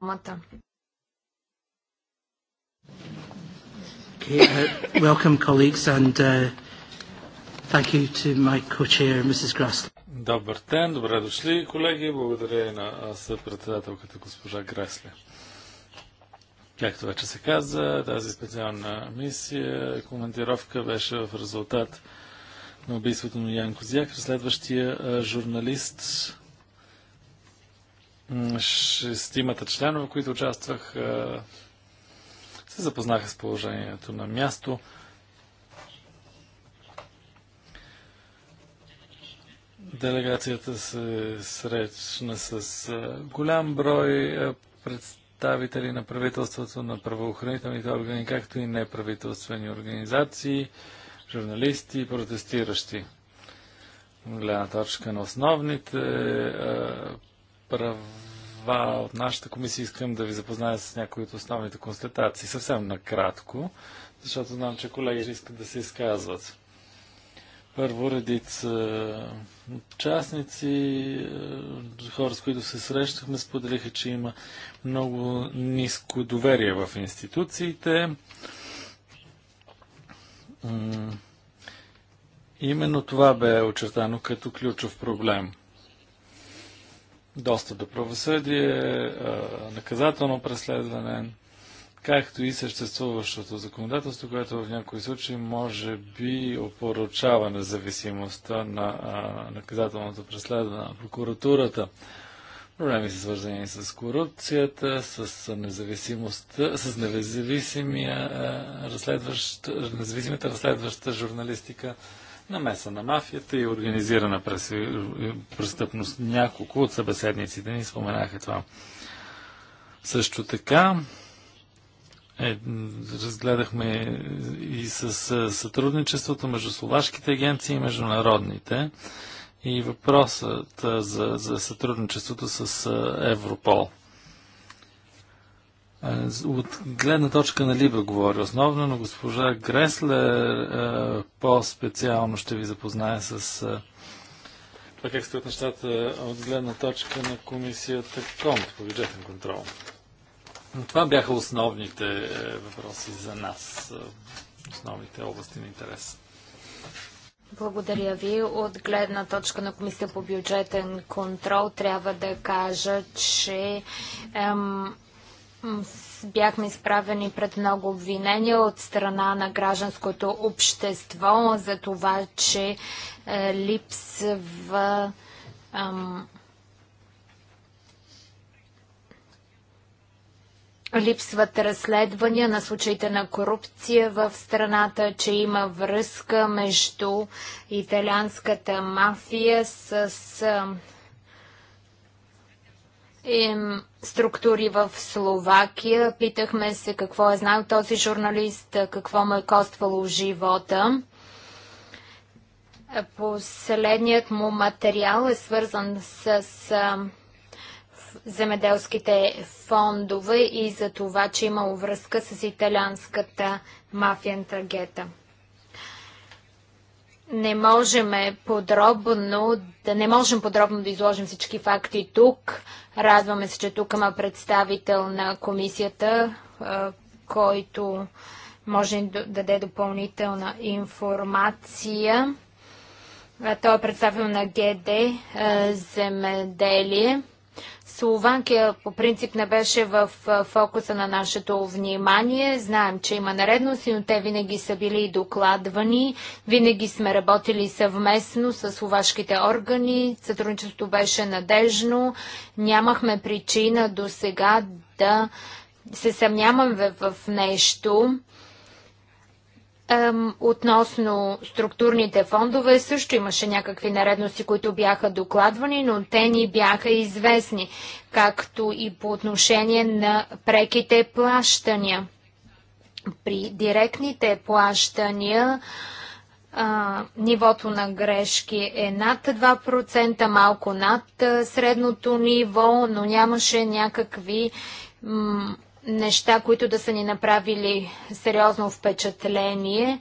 думата. Okay, uh, welcome colleagues and uh, thank you to my co-chair, Mrs. Grassley. Добър ден, добре дошли, колеги. Благодаря и на съпредседателката госпожа Гресли. Както вече се каза, тази специална мисия, командировка беше в резултат на убийството на Ян Козяк, следващия журналист, шестимата членове, които участвах, се запознаха с положението на място. Делегацията се срещна с голям брой представители на правителството, на правоохранителните органи, както и неправителствени организации, журналисти и протестиращи. Гледна точка на основните права това от нашата комисия искам да ви запозная с някои от основните констатации. Съвсем накратко, защото знам, че колеги искат да се изказват. Първо редица участници, е, хора с които се срещахме, споделиха, че има много ниско доверие в институциите. Именно това бе очертано като ключов проблем достъп до правосъдие, наказателно преследване, както и съществуващото законодателство, което в някои случаи може би опоручава независимостта на наказателното преследване на прокуратурата. Проблеми са свързани с корупцията, с независимостта, с независимия, разследващ, независимата разследваща журналистика, намеса на мафията и организирана престъпност. Няколко от събеседниците ни споменаха това. Също така, е, разгледахме и с е, сътрудничеството между словашките агенции и международните и въпросът е, за, за сътрудничеството с е, Европол. От гледна точка на Либа говори основно, но госпожа Греслер по-специално ще ви запознае с това как стоят нещата от гледна точка на комисията КОМТ по бюджетен контрол. Но това бяха основните е, въпроси за нас, е, основните области на интерес. Благодаря ви. От гледна точка на комисията по бюджетен контрол трябва да кажа, че ем, бяхме изправени пред много обвинения от страна на гражданското общество за това, че е, липсва ам, липсват разследвания на случаите на корупция в страната, че има връзка между италианската мафия с структури в Словакия. Питахме се какво е знал този журналист, какво му е коствало живота. Последният му материал е свързан с земеделските фондове и за това, че имало връзка с италианската мафия Трагета не можем подробно, да не можем подробно да изложим всички факти тук. Радваме се, че тук има представител на комисията, който може да даде допълнителна информация. Той е представител на ГД Земеделие. Словакия по принцип не беше в фокуса на нашето внимание. Знаем, че има наредности, но те винаги са били докладвани. Винаги сме работили съвместно с словашките органи. Сътрудничеството беше надежно. Нямахме причина до сега да се съмняваме в нещо. Относно структурните фондове също имаше някакви наредности, които бяха докладвани, но те ни бяха известни, както и по отношение на преките плащания. При директните плащания а, нивото на грешки е над 2%, малко над средното ниво, но нямаше някакви неща, които да са ни направили сериозно впечатление.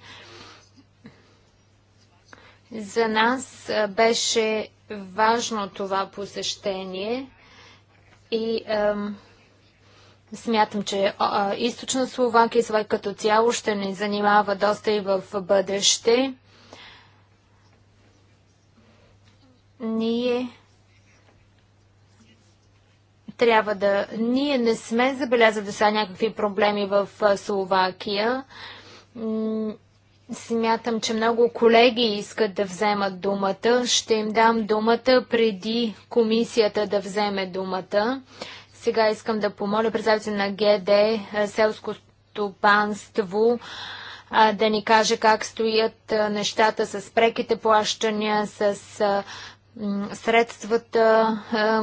За нас беше важно това посещение и ам, смятам, че а, източна Словакия и Словакия като цяло ще ни занимава доста и в бъдеще. Ние трябва да... Ние не сме забелязали да са някакви проблеми в Словакия. Смятам, че много колеги искат да вземат думата. Ще им дам думата преди комисията да вземе думата. Сега искам да помоля представител на ГД селско стопанство да ни каже как стоят нещата с преките плащания, с средствата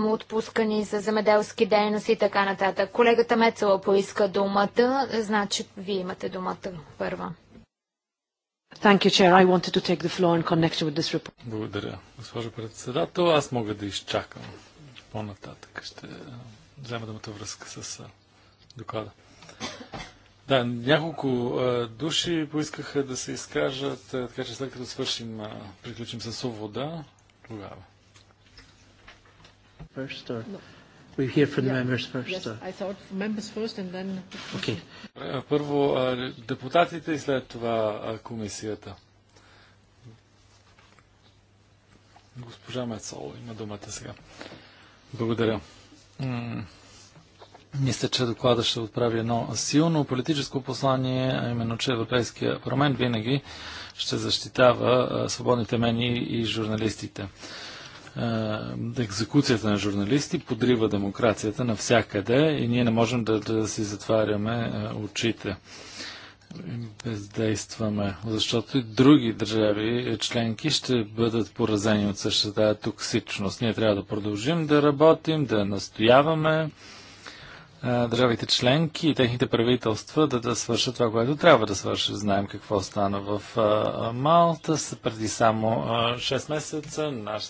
отпускани за земеделски дейности и така нататък. Колегата Мецела поиска думата, значи вие имате думата първа. You, Благодаря, госпожо председател. Аз мога да изчакам. По-нататък ще взема думата връзка с доклада. Да, няколко души поискаха да се изкажат, така че след като свършим, приключим с увода, тогава. First or... We hear from the members first. Yes, I thought members first and then... Okay. Uh, първо депутатите и след това комисията. Госпожа Мецол има думата сега. Благодаря. Мисля, че доклада ще отправи едно силно политическо послание, а именно, че Европейския парламент винаги ще защитава свободните мени и журналистите. Екзекуцията на журналисти подрива демокрацията навсякъде и ние не можем да, да си затваряме очите бездействаме, защото и други държави е, членки ще бъдат поразени от същата токсичност. Ние трябва да продължим да работим, да настояваме държавите членки и техните правителства да, да свършат това, което трябва да свършат. Знаем какво стана в а, Малта преди само а, 6 месеца. Наш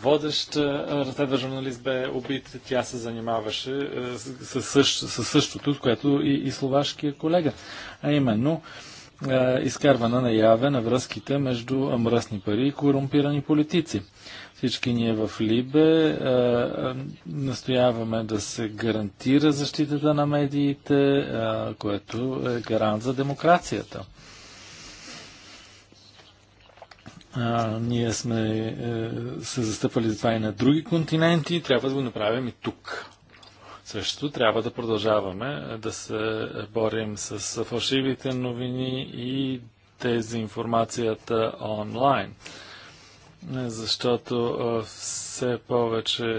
водещ разследва журналист бе убит. Тя се занимаваше със същ, същото, с което и, и словашкия колега. А именно изкарване наяве на връзките между мръсни пари и корумпирани политици. Всички ние в Либе настояваме да се гарантира защитата на медиите, което е гарант за демокрацията. А, ние сме е, се застъпали за това и на други континенти, трябва да го направим и тук. Също трябва да продължаваме е, да се борим с фалшивите новини и дезинформацията онлайн защото все повече е,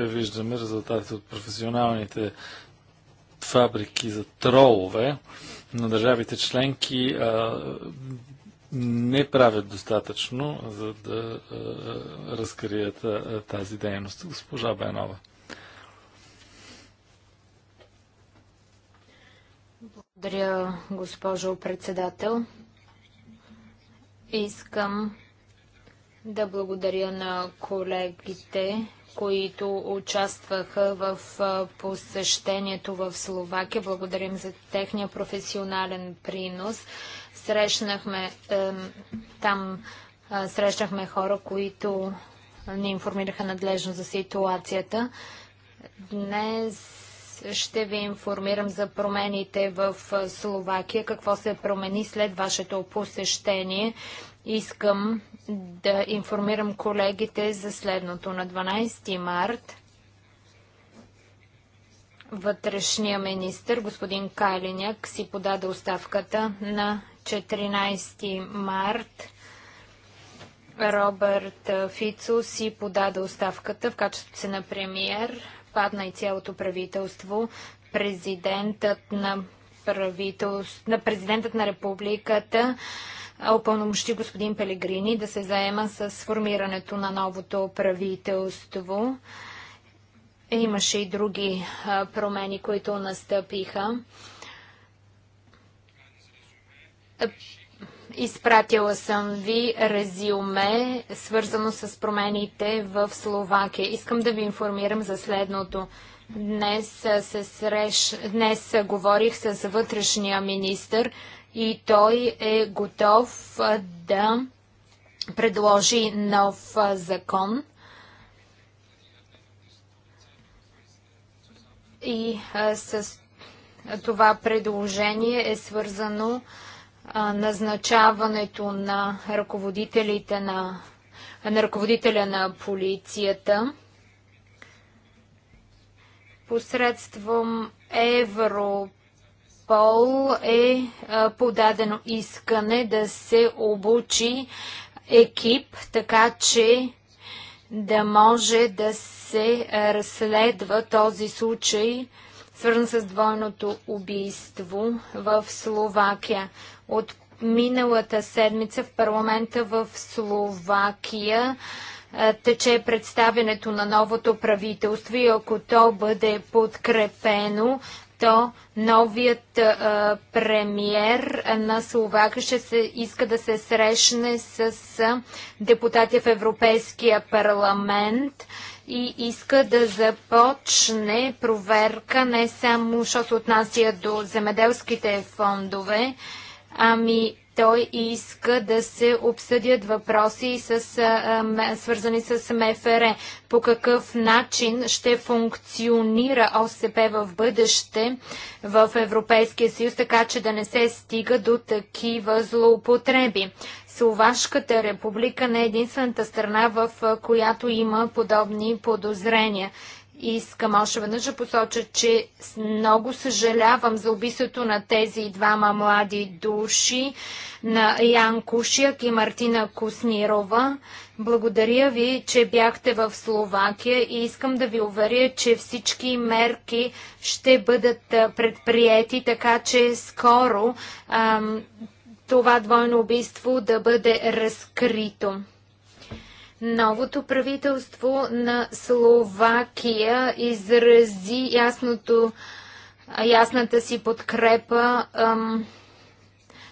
е, виждаме резултатите от професионалните фабрики за тролове на държавите членки не правят достатъчно, за да разкрият тази дейност. Госпожа Бенова. Благодаря, госпожо председател. Искам да благодаря на колегите, които участваха в посещението в Словакия. Благодарим за техния професионален принос. Срещнахме там срещнахме хора, които ни информираха надлежно за ситуацията. Днес ще ви информирам за промените в Словакия, какво се промени след вашето посещение. Искам да информирам колегите за следното. На 12 март вътрешния министр, господин Калиняк, си подаде оставката на 14 март. Робърт Фицо си подаде оставката в качеството се на премиер. Падна и цялото правителство. Президентът на, правителство, на президентът на републиката опълномощи господин Пелегрини да се заема с формирането на новото правителство. Имаше и други промени, които настъпиха. Изпратила съм ви резюме, свързано с промените в Словакия. Искам да ви информирам за следното. Днес, се среш... Днес говорих с вътрешния министр и той е готов да предложи нов закон. И с това предложение е свързано назначаването на ръководителите на, на ръководителя на полицията посредством Европа Пол е подадено искане да се обучи екип, така че да може да се разследва този случай, свързан с двойното убийство в Словакия. От миналата седмица в парламента в Словакия тече представянето на новото правителство и ако то бъде подкрепено, то новият а, премьер на Словакия ще се иска да се срещне с а, депутати в Европейския парламент и иска да започне проверка не само, що се отнася до земеделските фондове, ами той иска да се обсъдят въпроси, с, свързани с МФР. По какъв начин ще функционира ОСП в бъдеще в Европейския съюз, така че да не се стига до такива злоупотреби. Словашката република не е единствената страна, в която има подобни подозрения. Искам още веднъж да посоча, че много съжалявам за убийството на тези двама млади души, на Ян Кушияк и Мартина Куснирова. Благодаря ви, че бяхте в Словакия и искам да ви уверя, че всички мерки ще бъдат предприяти, така че скоро ам, това двойно убийство да бъде разкрито. Новото правителство на Словакия изрази ясното, ясната си подкрепа, ам,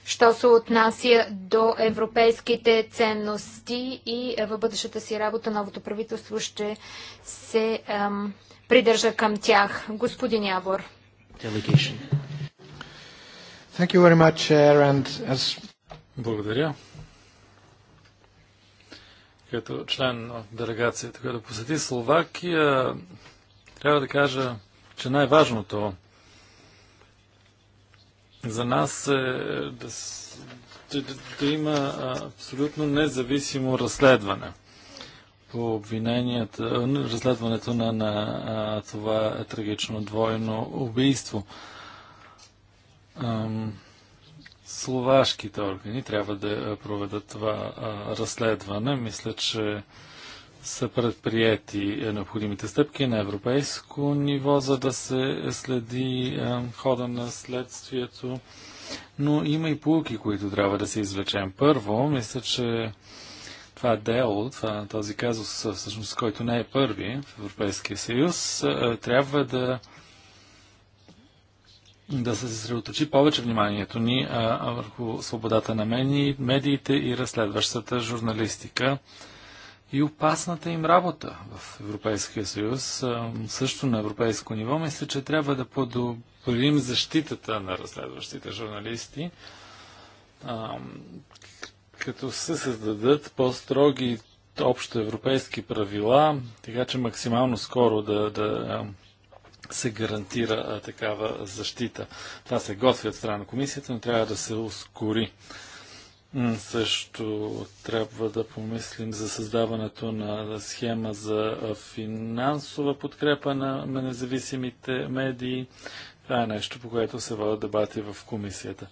що се отнася до европейските ценности и е, в бъдещата си работа новото правителство ще се ам, придържа към тях. Господин Явор. Благодаря като член на делегацията, която посети Словакия, трябва да кажа, че най-важното за нас е да, да, да има абсолютно независимо разследване по обвиненията, разследването на, на а, това е трагично двойно убийство. Ам, словашките органи трябва да проведат това разследване. Мисля, че са предприяти е, необходимите стъпки на европейско ниво, за да се следи хода на следствието. Но има и полуки, които трябва да се извлечем. Първо, мисля, че това дело, това, този казус, всъщност, който не е първи в Европейския съюз, е, трябва да да се съсредоточи повече вниманието ни а, върху свободата на мени, медиите и разследващата журналистика и опасната им работа в Европейския съюз. А, също на европейско ниво мисля, че трябва да подобрим защитата на разследващите журналисти, а, като се създадат по-строги общоевропейски правила, така че максимално скоро да, да се гарантира а, такава защита. Това се готви от страна на комисията, но трябва да се ускори. М също трябва да помислим за създаването на схема за финансова подкрепа на, на независимите медии. Това е нещо, по което се водят дебати в комисията.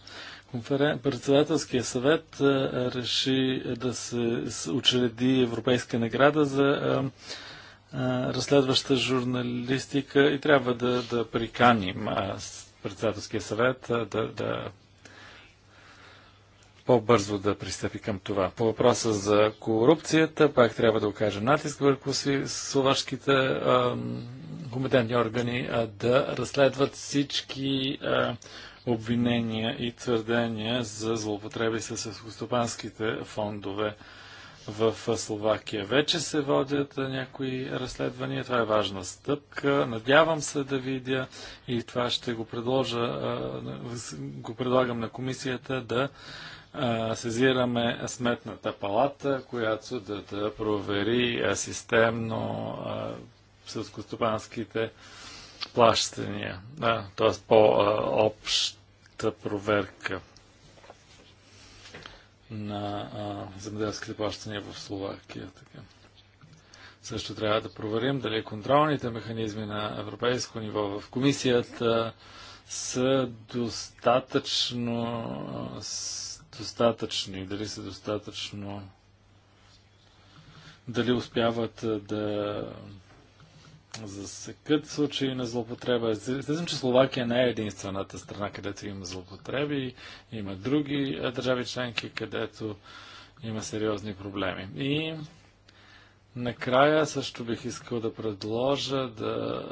Конферен... Председателския съвет а, реши да се учреди Европейска награда за а, разследваща журналистика и трябва да, да приканим председателския съвет да, да по-бързо да пристъпи към това. По въпроса за корупцията, пак трябва да окажем натиск върху словашките компетентни органи а, да разследват всички а, обвинения и твърдения за злоупотреби с ескостопанските фондове в Словакия вече се водят някои разследвания. Това е важна стъпка. Надявам се да видя и това ще го предложа, го предлагам на комисията да сезираме сметната палата, която да, да провери системно сълскостопанските плащания, да, т.е. по-обща проверка на земеделските плащания в Словакия. Така. Също трябва да проверим дали контролните механизми на европейско ниво в комисията са достатъчно достатъчни, дали са достатъчно дали успяват да за засекат случай на злопотреба. Естествено, че Словакия не е единствената страна, където има злопотреби. Има други държави членки, където има сериозни проблеми. И Накрая също бих искал да предложа да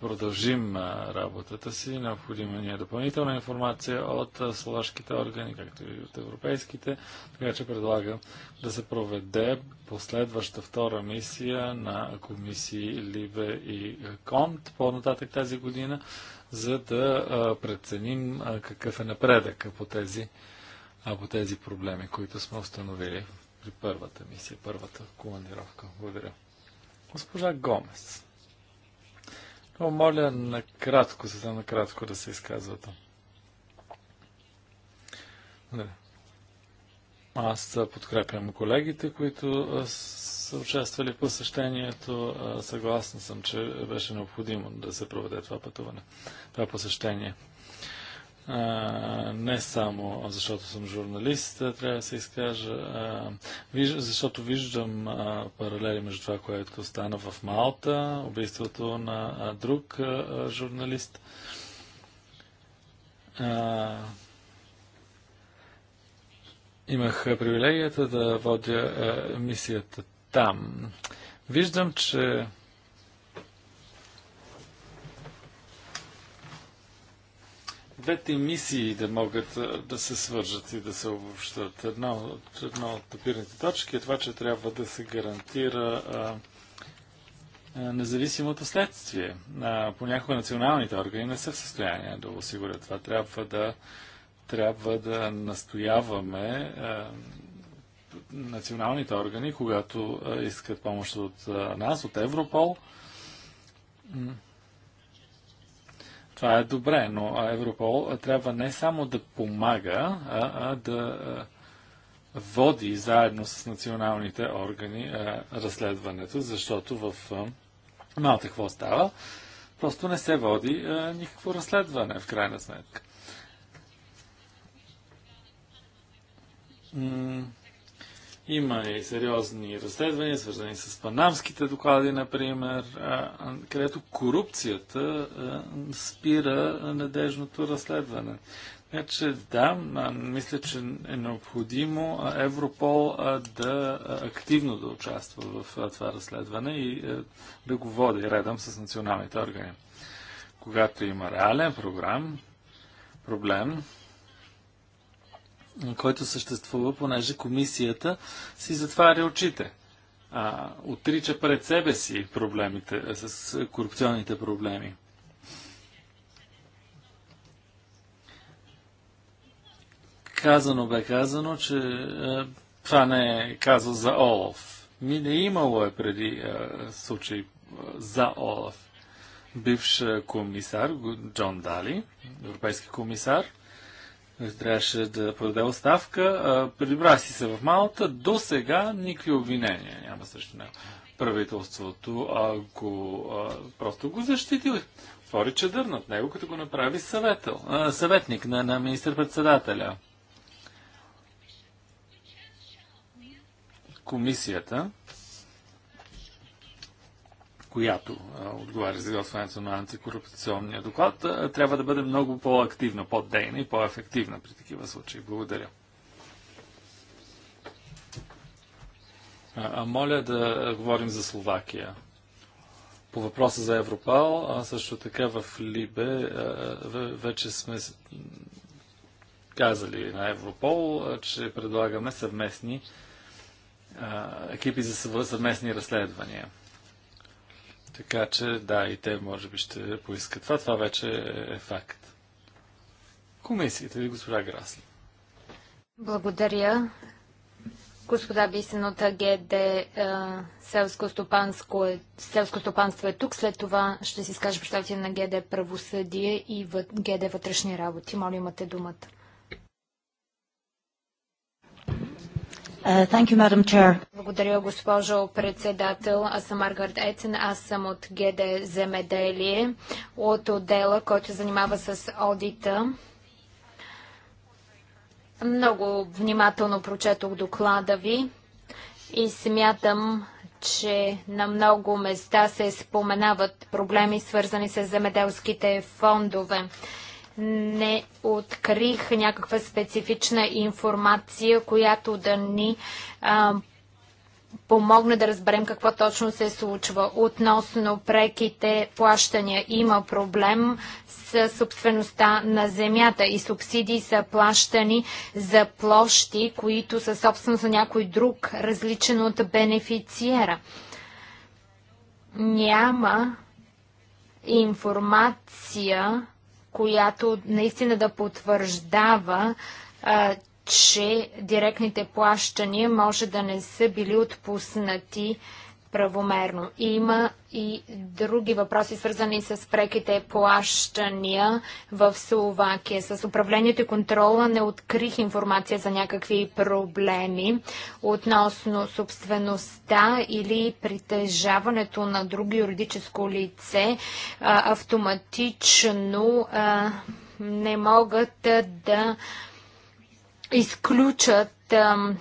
продължим работата си. Необходима ни е допълнителна информация от словашките органи, както и от европейските. Така че предлагам да се проведе последваща втора мисия на комисии Либе и Конт по-нататък тази година, за да преценим какъв е напредък по тези, по тези проблеми, които сме установили при първата мисия, първата командировка. Благодаря. Госпожа Гомес. Но моля накратко, за накратко да се изказвате. Аз подкрепям колегите, които са участвали в посещението. Съгласна съм, че беше необходимо да се проведе това пътуване, това посещение не само защото съм журналист, трябва да се изкажа, защото виждам паралели между това, което стана в Малта, убийството на друг журналист. имах привилегията да водя мисията там. Виждам, че двете мисии да могат да се свържат и да се обобщат. Една от, една от допирните точки е това, че трябва да се гарантира а, а, независимото следствие. А, понякога националните органи не са в състояние да осигурят това. Трябва да, трябва да настояваме а, националните органи, когато а, искат помощ от а, нас, от Европол, това е добре, но Европол трябва не само да помага, а, а да води заедно с националните органи а, разследването, защото в малко какво става, просто не се води а, никакво разследване в крайна сметка. М има и сериозни разследвания, свързани с панамските доклади, например, където корупцията спира надежното разследване. Така че да, мисля, че е необходимо Европол да активно да участва в това разследване и да го води редом с националните органи. Когато има реален програм, проблем, който съществува, понеже комисията си затваря очите. А, отрича пред себе си проблемите, с корупционните проблеми. Казано бе казано, че а, това не е казал за Олаф. Ми не имало е преди а, случай а, за Олаф. Бивш комисар Джон Дали, европейски комисар, не трябваше да подаде оставка, прибра си се в Малта. До сега никакви обвинения няма срещу него. Правителството а, го, а, просто го защити. Отвори чадър над него, като го направи съветъл, а, съветник на, на министър-председателя. Комисията която отговаря за изготвянето на антикорупционния доклад, трябва да бъде много по-активна, по-дейна и по-ефективна при такива случаи. Благодаря. А, моля да говорим за Словакия. По въпроса за Европал, а също така в Либе вече сме казали на Европол, че предлагаме съвместни екипи за съвместни разследвания. Така че, да, и те може би ще поискат това. Това вече е факт. Комисията ви, госпожа Грасли. Благодаря. Господа Бисен от АГД е, селско, стопанство е тук. След това ще си скаже представите на ГД Правосъдие и ГД Вътрешни работи. Моля, имате думата. Uh, Благодаря, госпожо председател. Аз съм Маргарет Ецен, аз съм от ГД Земеделие, от отдела, който се занимава с одита. Много внимателно прочетох доклада ви и смятам, че на много места се споменават проблеми, свързани с земеделските фондове не открих някаква специфична информация, която да ни а, помогне да разберем какво точно се случва. Относно преките плащания има проблем с собствеността на земята и субсидии са плащани за площи, които са собственост на някой друг, различен от бенефициера. Няма информация която наистина да потвърждава, че директните плащания може да не са били отпуснати правомерно. Има и други въпроси, свързани с преките плащания в Словакия. С управлението и контрола не открих информация за някакви проблеми относно собствеността или притежаването на други юридическо лице автоматично не могат да изключат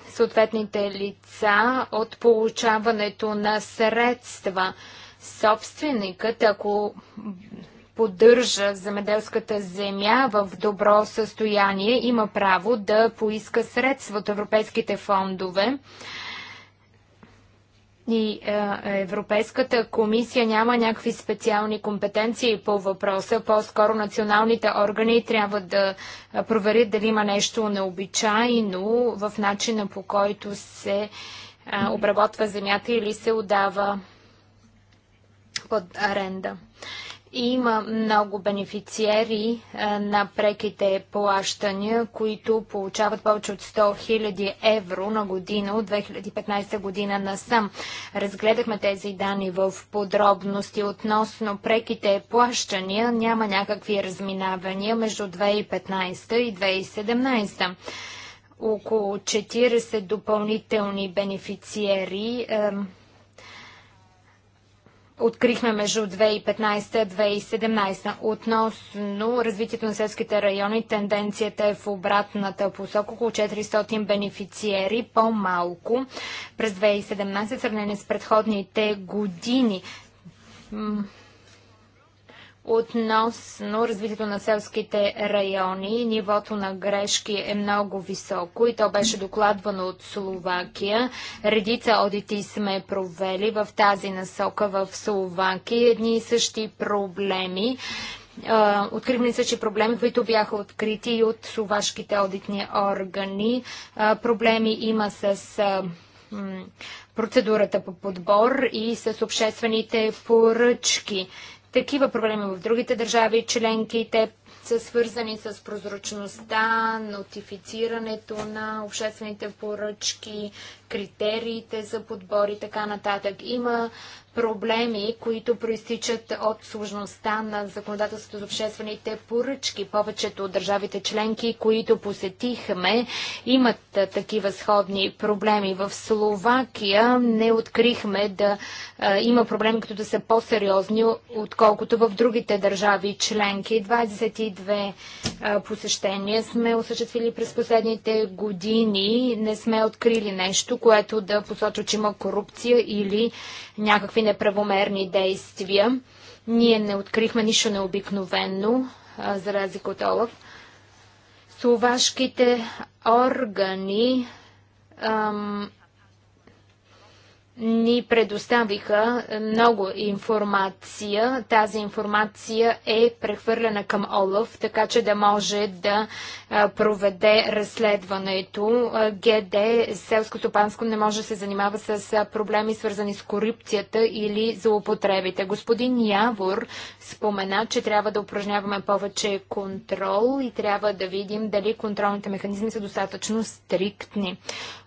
съответните лица от получаването на средства. Собственикът, ако поддържа земеделската земя в добро състояние, има право да поиска средства от европейските фондове и е, Европейската комисия няма някакви специални компетенции по въпроса. По-скоро националните органи трябва да е, проверят дали има нещо необичайно в начина по който се е, обработва земята или се отдава под аренда. Има много бенефициери е, на преките плащания, които получават повече от 100 000 евро на година от 2015 година насам. Разгледахме тези данни в подробности относно преките плащания. Няма някакви разминавания между 2015 и 2017 около 40 допълнителни бенефициери открихме между 2015-2017. Относно развитието на селските райони, тенденцията е в обратната посока. Около 400 бенефициери, по-малко през 2017, сравнение с предходните години. Относно развитието на селските райони, нивото на грешки е много високо и то беше докладвано от Словакия. Редица одити сме провели в тази насока в Словакия. Едни и същи проблеми. Открихме същи проблеми, които бяха открити от словашките одитни органи. Проблеми има с процедурата по подбор и с обществените поръчки такива проблеми в другите държави членки. Те са свързани с прозрачността, нотифицирането на обществените поръчки, критериите за подбор и така нататък. Има проблеми, които проистичат от сложността на законодателството за обществените поръчки. Повечето от държавите членки, които посетихме, имат такива сходни проблеми. В Словакия не открихме да а, има проблеми, които да са по-сериозни, отколкото в другите държави членки. 22 посещения сме осъществили през последните години. Не сме открили нещо, което да посочва, че има корупция или някакви неправомерни действия. Ние не открихме нищо необикновено, за разлика от Олаф. Словашките органи ам, ни предоставиха много информация. Тази информация е прехвърлена към Олаф, така че да може да проведе разследването. ГД селско стопанско не може да се занимава с проблеми свързани с корупцията или злоупотребите. Господин Явор спомена, че трябва да упражняваме повече контрол и трябва да видим дали контролните механизми са достатъчно стриктни.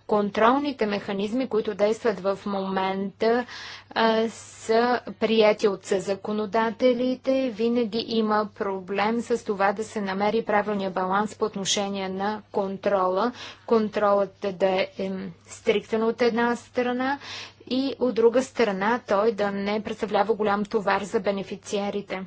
Контролните механизми, които действат в момента, са прияти от законодателите. Винаги има проблем с това да се намери правилния баланс по отношение на контрола. Контролът да е, е стриктен от една страна и от друга страна той да не представлява голям товар за бенефициарите.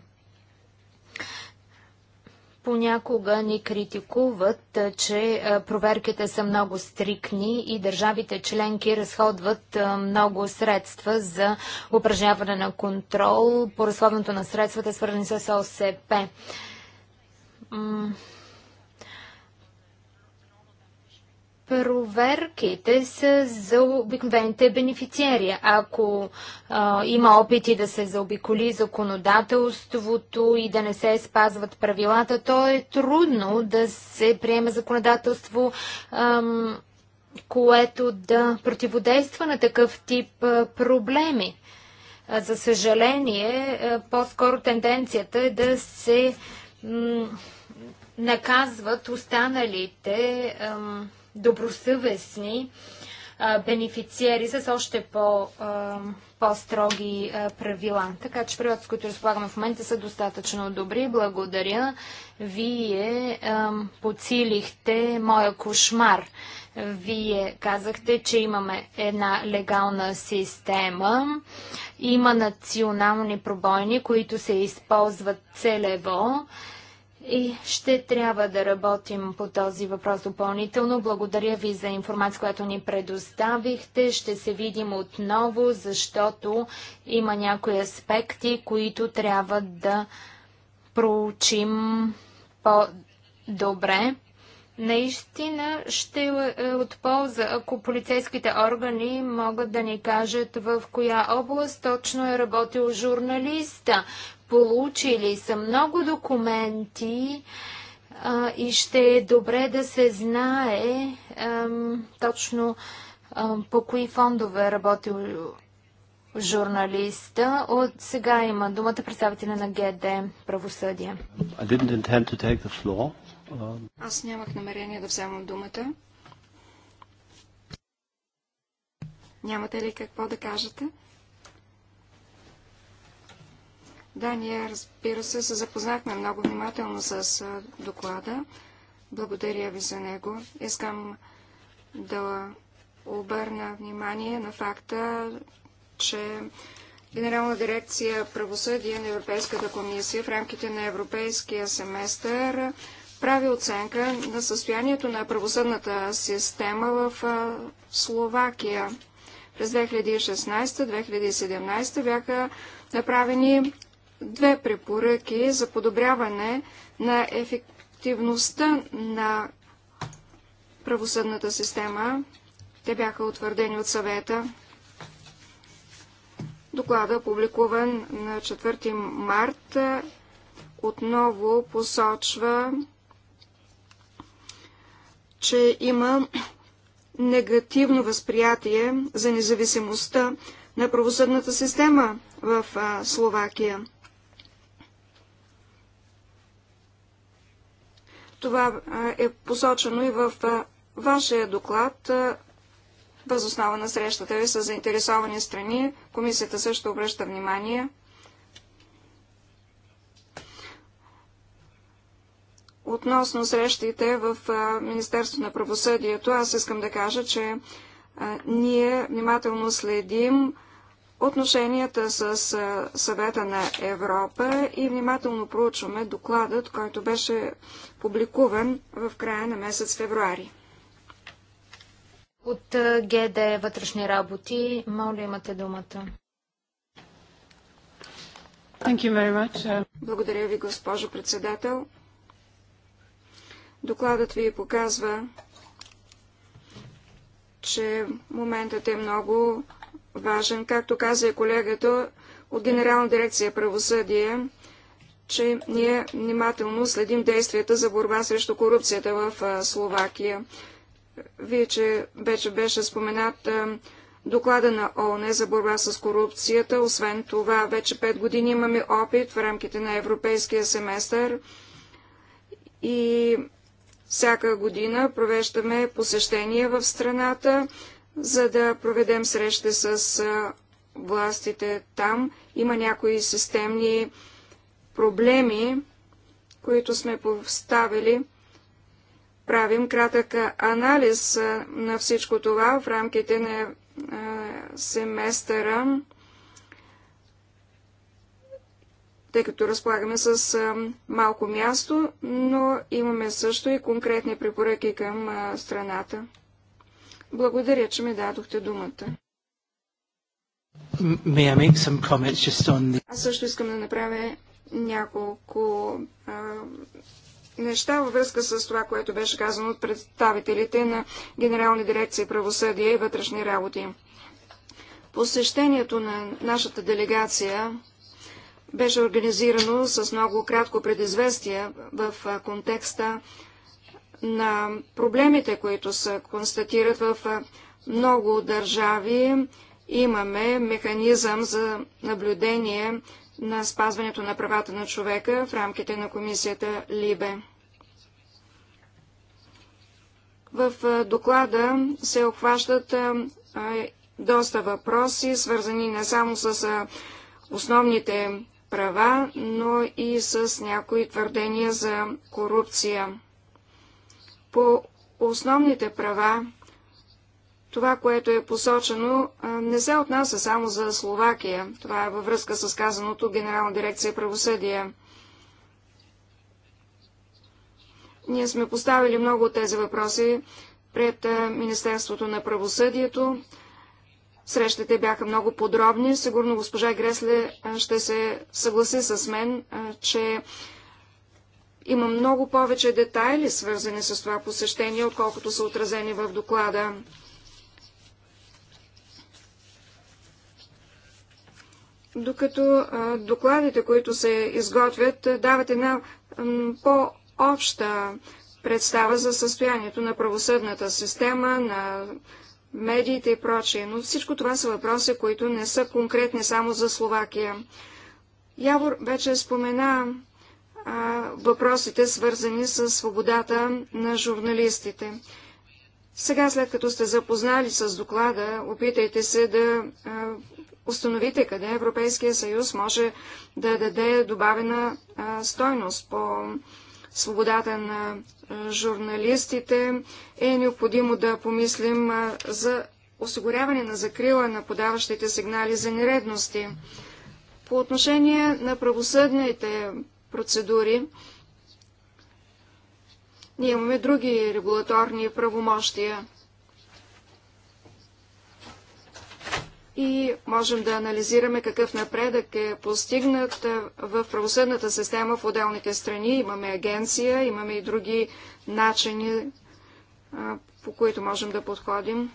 Понякога ни критикуват, че проверките са много стрикни и държавите членки разходват много средства за упражняване на контрол по разходването на средствата, свързани с ОСП Проверките са за обикновените бенефициери. Ако а, има опити да се заобиколи законодателството и да не се спазват правилата, то е трудно да се приеме законодателство, ам, което да противодейства на такъв тип а, проблеми. А, за съжаление, по-скоро тенденцията е да се наказват останалите. Ам, добросъвестни бенефициери с още по, по-строги правила. Така че правилата, с които разполагаме в момента, са достатъчно добри. Благодаря. Вие подсилихте моя кошмар. Вие казахте, че имаме една легална система. Има национални пробойни, които се използват целево и ще трябва да работим по този въпрос допълнително. Благодаря ви за информация, която ни предоставихте. Ще се видим отново, защото има някои аспекти, които трябва да проучим по-добре. Наистина ще е от полза, ако полицейските органи могат да ни кажат в коя област точно е работил журналиста. Получили са много документи а, и ще е добре да се знае ам, точно ам, по кои фондове е работил журналиста. От сега има думата представителя на ГД Правосъдие. Аз нямах намерение да вземам думата. Нямате ли какво да кажете? Да, ние, разбира се, се запознахме много внимателно с доклада. Благодаря ви за него. Искам да обърна внимание на факта, че Генерална дирекция правосъдие на Европейската комисия в рамките на Европейския семестър прави оценка на състоянието на правосъдната система в Словакия. През 2016-2017 бяха направени две препоръки за подобряване на ефективността на правосъдната система. Те бяха утвърдени от съвета. Доклада, публикуван на 4 март, отново посочва че има негативно възприятие за независимостта на правосъдната система в Словакия. Това е посочено и в вашия доклад възоснова на срещата ви с заинтересовани страни. Комисията също обръща внимание Относно срещите в Министерство на правосъдието, аз искам да кажа, че ние внимателно следим отношенията с съвета на Европа и внимателно проучваме докладът, който беше публикуван в края на месец февруари. От ГД Вътрешни работи, моля имате думата. Благодаря ви, госпожо председател. Докладът ви показва, че моментът е много важен. Както каза и колегата от Генерална дирекция правосъдие, че ние внимателно следим действията за борба срещу корупцията в Словакия. Вие, че вече беше споменат доклада на ООН за борба с корупцията. Освен това, вече 5 години имаме опит в рамките на европейския семестър и всяка година провеждаме посещения в страната, за да проведем среща с властите там. Има някои системни проблеми, които сме поставили. Правим кратък анализ на всичко това в рамките на семестъра. тъй като разполагаме с малко място, но имаме също и конкретни препоръки към страната. Благодаря, че ми дадохте думата. Аз също искам да направя няколко а, неща във връзка с това, което беше казано от представителите на Генерални дирекции правосъдие и вътрешни работи. Посещението на нашата делегация беше организирано с много кратко предизвестие в контекста на проблемите, които се констатират в много държави. Имаме механизъм за наблюдение на спазването на правата на човека в рамките на комисията Либе. В доклада се обхващат доста въпроси, свързани не само с основните права, но и с някои твърдения за корупция. По основните права, това, което е посочено, не се отнася само за Словакия. Това е във връзка с казаното Генерална дирекция правосъдие. Ние сме поставили много от тези въпроси пред Министерството на правосъдието. Срещите бяха много подробни. Сигурно госпожа Гресле ще се съгласи с мен, че има много повече детайли, свързани с това посещение, отколкото са отразени в доклада. Докато докладите, които се изготвят, дават една по-обща представа за състоянието на правосъдната система, на медиите и прочее. Но всичко това са въпроси, които не са конкретни само за Словакия. Явор вече спомена а, въпросите, свързани с свободата на журналистите. Сега, след като сте запознали с доклада, опитайте се да а, установите къде Европейския съюз може да даде добавена а, стойност по свободата на журналистите, е необходимо да помислим за осигуряване на закрила на подаващите сигнали за нередности. По отношение на правосъдните процедури, ние имаме други регулаторни правомощия. и можем да анализираме какъв напредък е постигнат в правосъдната система в отделните страни. Имаме агенция, имаме и други начини, по които можем да подходим.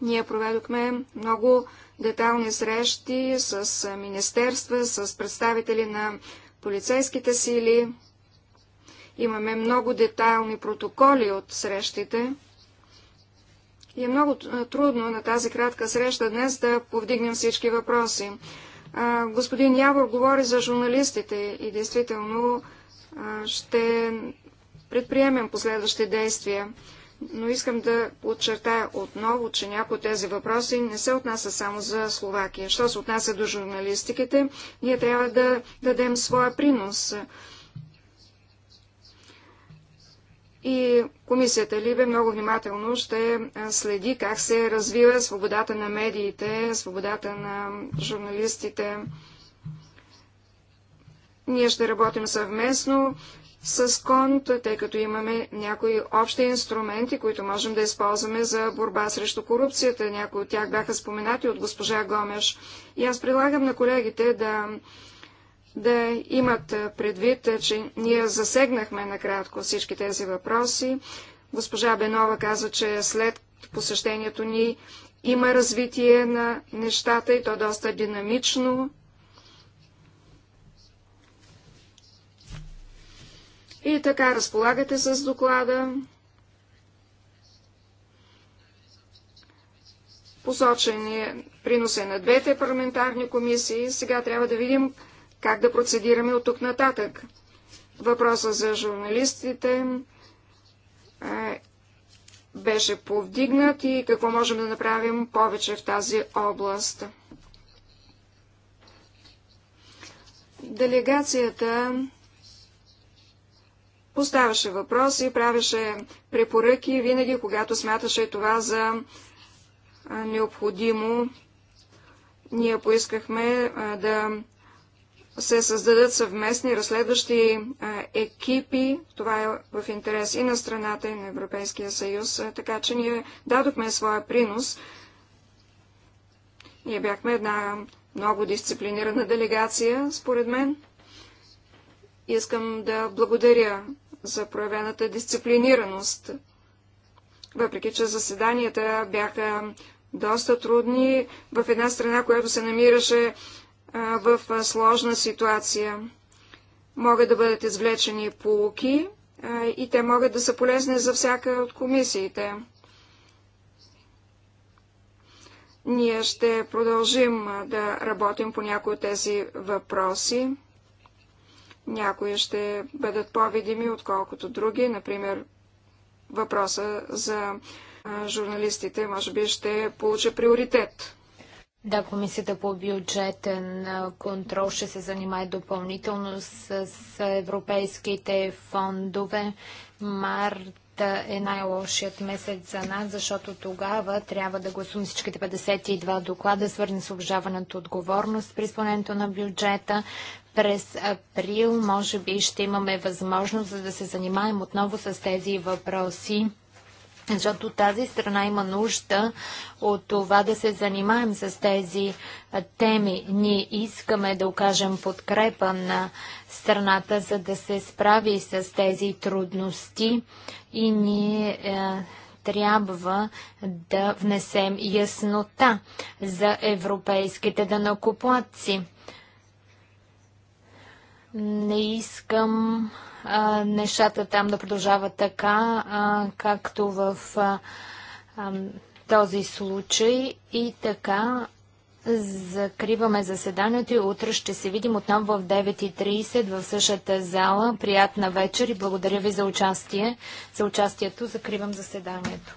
Ние проведохме много детални срещи с министерства, с представители на полицейските сили. Имаме много детайлни протоколи от срещите. И е много трудно на тази кратка среща днес да повдигнем всички въпроси. господин Явор говори за журналистите и действително ще предприемем последващи действия. Но искам да подчертая отново, че някои от тези въпроси не се отнася само за Словакия. Що се отнася до журналистиките, ние трябва да дадем своя принос. И комисията Либе много внимателно ще е, следи как се развива свободата на медиите, свободата на журналистите. Ние ще работим съвместно с КОНТ, тъй като имаме някои общи инструменти, които можем да използваме за борба срещу корупцията. Някои от тях бяха споменати от госпожа Гомеш. И аз предлагам на колегите да да имат предвид, че ние засегнахме накратко всички тези въпроси. Госпожа Бенова каза, че след посещението ни има развитие на нещата и то доста динамично. И така разполагате с доклада. Посочен е приносе на двете парламентарни комисии. Сега трябва да видим как да процедираме от тук нататък. Въпроса за журналистите е, беше повдигнат и какво можем да направим повече в тази област. Делегацията поставяше въпроси, правеше препоръки винаги, когато смяташе това за необходимо. Ние поискахме да се създадат съвместни разследващи екипи. Това е в интерес и на страната, и на Европейския съюз. Така че ние дадохме своя принос. Ние бяхме една много дисциплинирана делегация, според мен. Искам да благодаря за проявената дисциплинираност. Въпреки, че заседанията бяха доста трудни в една страна, която се намираше в сложна ситуация. Могат да бъдат извлечени полуки и те могат да са полезни за всяка от комисиите. Ние ще продължим да работим по някои от тези въпроси. Някои ще бъдат по-видими, отколкото други. Например, въпроса за журналистите може би ще получи приоритет. Да, Комисията по бюджетен контрол ще се занимае допълнително с, европейските фондове. Март е най-лошият месец за нас, защото тогава трябва да гласуваме всичките 52 доклада, свързани с обжаването отговорност при изпълнението на бюджета. През април, може би, ще имаме възможност за да се занимаем отново с тези въпроси. Защото тази страна има нужда от това да се занимаем с тези теми. Ние искаме да окажем подкрепа на страната, за да се справи с тези трудности и ние е, трябва да внесем яснота за европейските данакоплатци. Не искам а, нещата там да продължават така, а, както в а, този случай. И така, закриваме заседанието и утре ще се видим отново в 9.30 в същата зала. Приятна вечер и благодаря ви за участие. За участието закривам заседанието.